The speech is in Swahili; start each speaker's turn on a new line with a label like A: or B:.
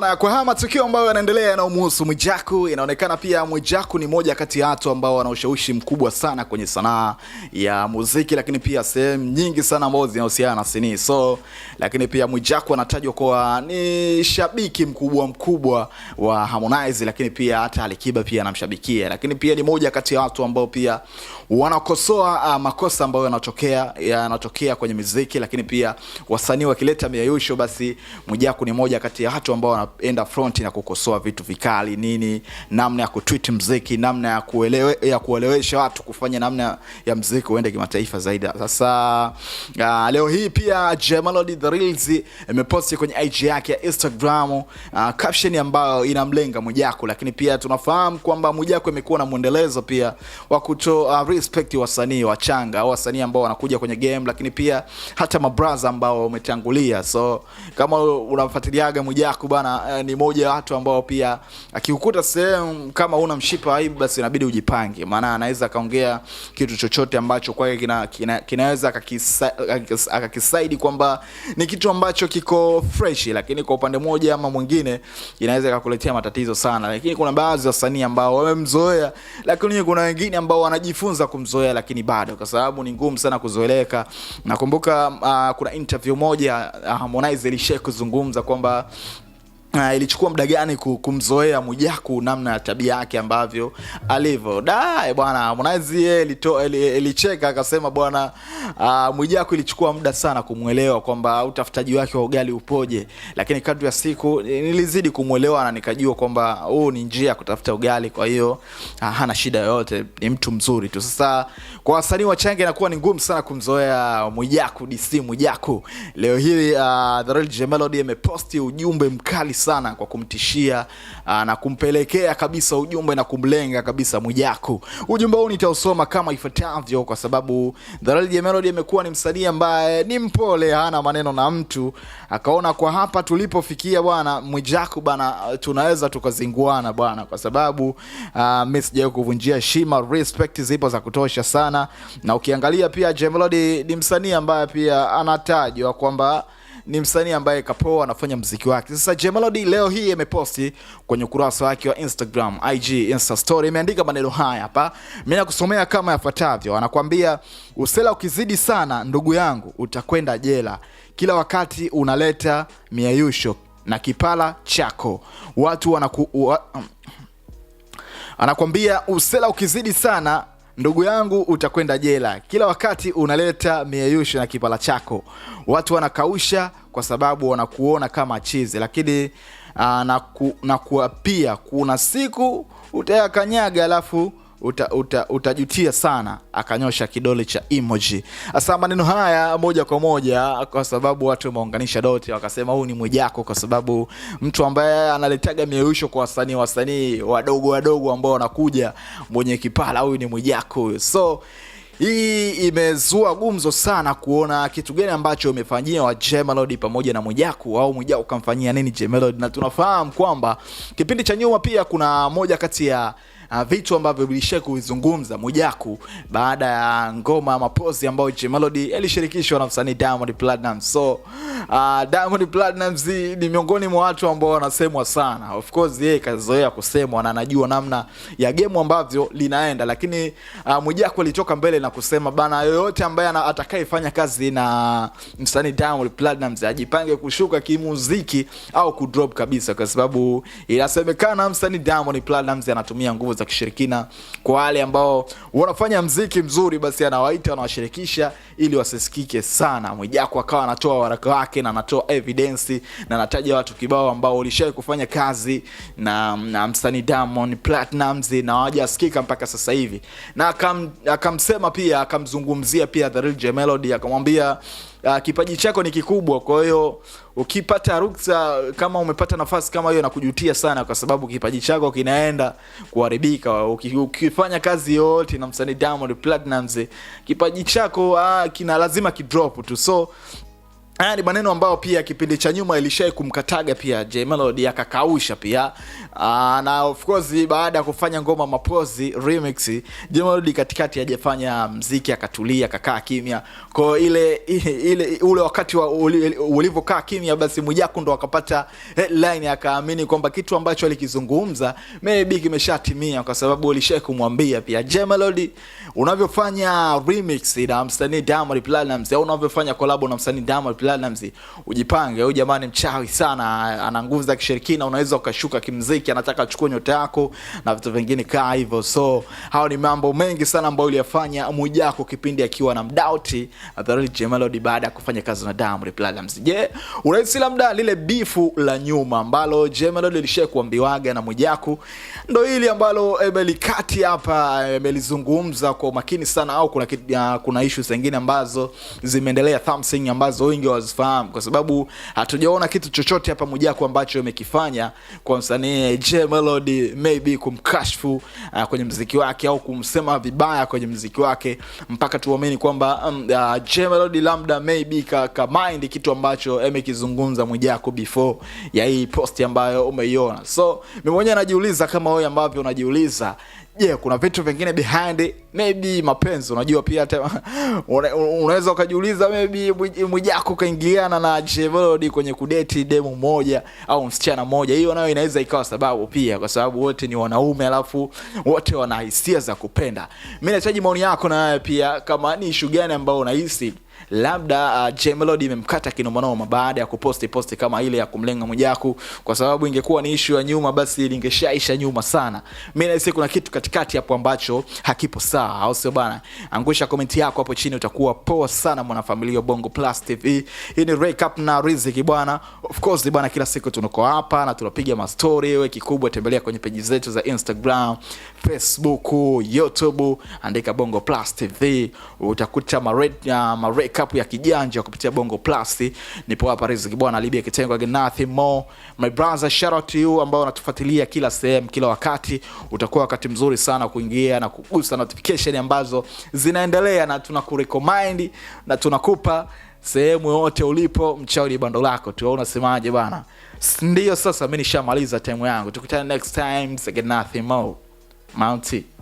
A: Na kwa haya matukio ambayo yanaendelea yanayomhusu Mwijaku, inaonekana pia Mwijaku ni moja kati ya watu ambao wana ushawishi mkubwa sana kwenye sanaa ya muziki, lakini pia sehemu nyingi sana ambazo zinahusiana na sinii. So lakini pia Mwijaku anatajwa kuwa ni shabiki mkubwa mkubwa wa Harmonize, lakini pia hata Alikiba pia anamshabikia, lakini pia ni moja kati ya watu ambao pia wanakosoa uh, makosa ambayo yanatokea yanatokea kwenye muziki, lakini pia wasanii wakileta miayusho, basi Mwijaku ni moja kati ya watu ambao wana unaenda fronti na kukosoa vitu vikali nini, namna ya kutwit mziki, namna ya kuelewe, ya kuelewesha watu kufanya namna ya mziki uende kimataifa zaidi. Sasa uh, leo hii pia Jaymelody the Reels imeposti kwenye IG yake ya Instagram uh, caption ambayo inamlenga Mwijaku, lakini pia tunafahamu kwamba Mwijaku imekuwa na mwendelezo pia wa kutoa uh, respect wasanii wachanga au wasanii ambao wanakuja kwenye game, lakini pia hata mabraza ambao wametangulia. So kama unamfuatiliaga Mwijaku bana eh, ni moja ya watu ambao pia akiukuta sehemu kama una mshipa aibu, basi inabidi ujipange, maana anaweza akaongea kitu chochote ambacho kwake kina, kina, kinaweza akakisaidi kwamba ni kitu ambacho kiko fresh, lakini kwa upande mmoja ama mwingine inaweza ikakuletea matatizo sana. Lakini kuna baadhi ya wasanii ambao wamemzoea, lakini kuna wengine ambao wanajifunza kumzoea, lakini bado kwa sababu ni ngumu sana kuzoeleka. Nakumbuka uh, kuna interview moja Harmonize uh, kuzungumza kwamba Uh, ilichukua muda gani kumzoea Mwijaku namna ya tabia yake ambavyo alivyo. Da eh, bwana Harmonize yeye ilicheka akasema bwana uh, Mwijaku ilichukua muda sana kumwelewa kwamba utafutaji wake wa ugali upoje, lakini kadri ya siku nilizidi kumwelewa na nikajua kwamba huu ni njia ya kutafuta ugali, kwa hiyo uh, hana shida yoyote, ni mtu mzuri tu. Sasa kwa wasanii wachanga inakuwa ni ngumu sana kumzoea Mwijaku, DC Mwijaku. Leo hii uh, The Real J Melody ameposti ujumbe mkali sana kwa kumtishia aa, ah, na kumpelekea kabisa ujumbe na kumlenga kabisa Mwijaku. Ujumbe huu nitausoma kama ifuatavyo, kwa sababu Dhalali Melody amekuwa ni msanii ambaye ni mpole, hana maneno na mtu, akaona kwa hapa tulipofikia bwana Mwijaku bana, tunaweza tukazinguana bwana, kwa sababu ah, mimi sijawahi kuvunjia heshima, respect zipo za kutosha sana, na ukiangalia pia J ni msanii ambaye pia anatajwa kwamba ni msanii ambaye kapoa anafanya mziki wake. Sasa Jay Melody leo hii ameposti kwenye ukurasa wake wa Instagram, IG Insta story, imeandika maneno haya hapa, mimi nakusomea kama yafuatavyo. Anakuambia, usela ukizidi sana ndugu yangu utakwenda jela, kila wakati unaleta miayusho na kipala chako watu wanaku, wa, anakwambia usela ukizidi sana Ndugu yangu utakwenda jela. Kila wakati unaleta mieyusho na kipala chako, watu wanakausha kwa sababu wanakuona kama chizi, lakini aa, ah, na, ku, na kuapia kuna siku utayakanyaga alafu uta, uta, utajutia sana. Akanyosha kidole cha emoji. hasa maneno haya moja kwa moja, kwa sababu watu wameunganisha doti, wakasema huu ni mwijako kwa sababu mtu ambaye analetaga mieusho kwa wasanii wasanii wadogo wadogo ambao wanakuja, mwenye kipala, huyu ni huyu So hii imezua gumzo sana kuona kitu gani ambacho wa Jmelody pamoja na Mwijaku au Mwijaku kamfanyia nini Jmelody, na tunafahamu kwamba kipindi cha nyuma pia kuna moja kati ya uh, vitu ambavyo vilishia kuvizungumza Mwijaku baada ya ngoma ya mapozi ambayo Jay Melody alishirikishwa na msanii Diamond Platnumz. So uh, Diamond Platnumz ni miongoni mwa watu ambao wanasemwa sana. Of course yeye kazoea kusemwa na anajua namna ya game ambavyo linaenda, lakini uh, Mwijaku alitoka mbele na kusema bana, yoyote ambaye atakayefanya kazi na msanii Diamond Platnumz ajipange kushuka kimuziki au kudrop kabisa, kwa sababu inasemekana msanii Diamond Platnumz anatumia nguvu za kishirikina. Kwa wale ambao wanafanya mziki mzuri, basi anawaita anawashirikisha ili wasisikike sana. mwijako akawa anatoa waraka wake na anatoa evidence na anataja watu kibao ambao walishawahi kufanya kazi na, na msanii damon Platnumz na wajasikika mpaka sasa hivi, na akam, akamsema pia akamzungumzia pia The Real Melody akamwambia uh, kipaji chako ni kikubwa. Kwa hiyo ukipata ruksa, kama umepata nafasi kama hiyo, nakujutia sana, kwa sababu kipaji chako kinaenda kuharibika. Ukifanya kazi yote na msanii Diamond Platnumz, kipaji chako uh, kina lazima kidrop tu so Haya ni maneno ambayo pia kipindi cha nyuma ilishai kumkataga pia j Melody akakausha pia. Aa, ah, na of course baada ya kufanya ngoma Mapozi remix, j Melody katikati ajafanya mziki, akatulia, akakaa kimya. Kwa ile, ile ule wakati wa ulivyokaa kimya, basi Mwijaku ndo akapata headline, akaamini kwamba kitu ambacho alikizungumza maybe kimeshatimia, kwa sababu ulishai kumwambia pia j Melody, unavyofanya remix na msanii Diamond Platnumz au unavyofanya collab na msanii Diamond Platnumz ujipange, huyu jamani mchawi sana, ana nguvu za kishirikina, unaweza ukashuka kimziki, anataka achukue nyota yako na vitu vingine kaa hivyo. So hao ni mambo mengi sana ambayo uliyafanya Mwijaku kipindi akiwa na mdauti Dharili Jemelodi baada ya kufanya kazi na Diamond Platnumz. Je, yeah, unahisi labda lile bifu la nyuma ambalo Jemelodi Melody kuambiwaga na Mwijaku ndo hili ambalo emelikati hapa emelizungumza kwa umakini sana, au kuna, ah, kuna ishu zingine ambazo zimeendelea something ambazo wengi wazifahamu, kwa sababu hatujaona kitu chochote hapa mwijako ambacho amekifanya kwa msanii J Melody, maybe kumkashfu uh, kwenye mziki wake au kumsema vibaya kwenye mziki wake mpaka tuamini kwamba um, uh, J Melody labda maybe ka, ka mind kitu ambacho amekizungumza mwijako before ya hii post ambayo umeiona. So mimi mwenyewe najiuliza kama wewe ambavyo unajiuliza je, yeah, kuna vitu vingine behind maybe mapenzi. Unajua pia unaweza ukajiuliza maybe mwijako ukaingiliana na Chevrolet kwenye kudeti demu moja au msichana moja, hiyo nayo inaweza ikawa sababu pia, kwa sababu wote ni wanaume, alafu wote wana hisia za kupenda. Mimi nahitaji maoni yako na pia, kama ni ishu gani ambayo unahisi labda uh, Jay Melody imemkata kinomanoma baada ya kuposti posti kama ile ya kumlenga Mwijaku, kwa sababu ingekuwa ni ishu ya nyuma, basi lingeshaisha nyuma sana. Mimi naisi kuna kitu katikati hapo ambacho hakipo sawa, au sio bana? Angusha komenti yako hapo chini, utakuwa poa sana mwanafamilia Bongo Plus TV. Hii ni Ray Cup na Riziki bwana. Of course bwana, kila siku tunako hapa na tunapiga mastori. Wewe kikubwa, tembelea kwenye peji zetu za Instagram, Facebook, YouTube, andika Bongo Plus TV utakuta mare, uh, mare cup ya kijanja kupitia Bongo Plus. Nipo hapa Riziki bwana, Libia Kitengo again nothing more. My brother shout out to you ambao unatufuatilia kila sehemu kila wakati. Utakuwa wakati mzuri sana kuingia na kugusa notification ambazo zinaendelea na tunakurecommend na tunakupa sehemu yote ulipo, ni bando lako tu. Unasemaje bana? Ndio, sasa mimi nishamaliza time yangu. Tukutane next time, again nothing more. Mountie.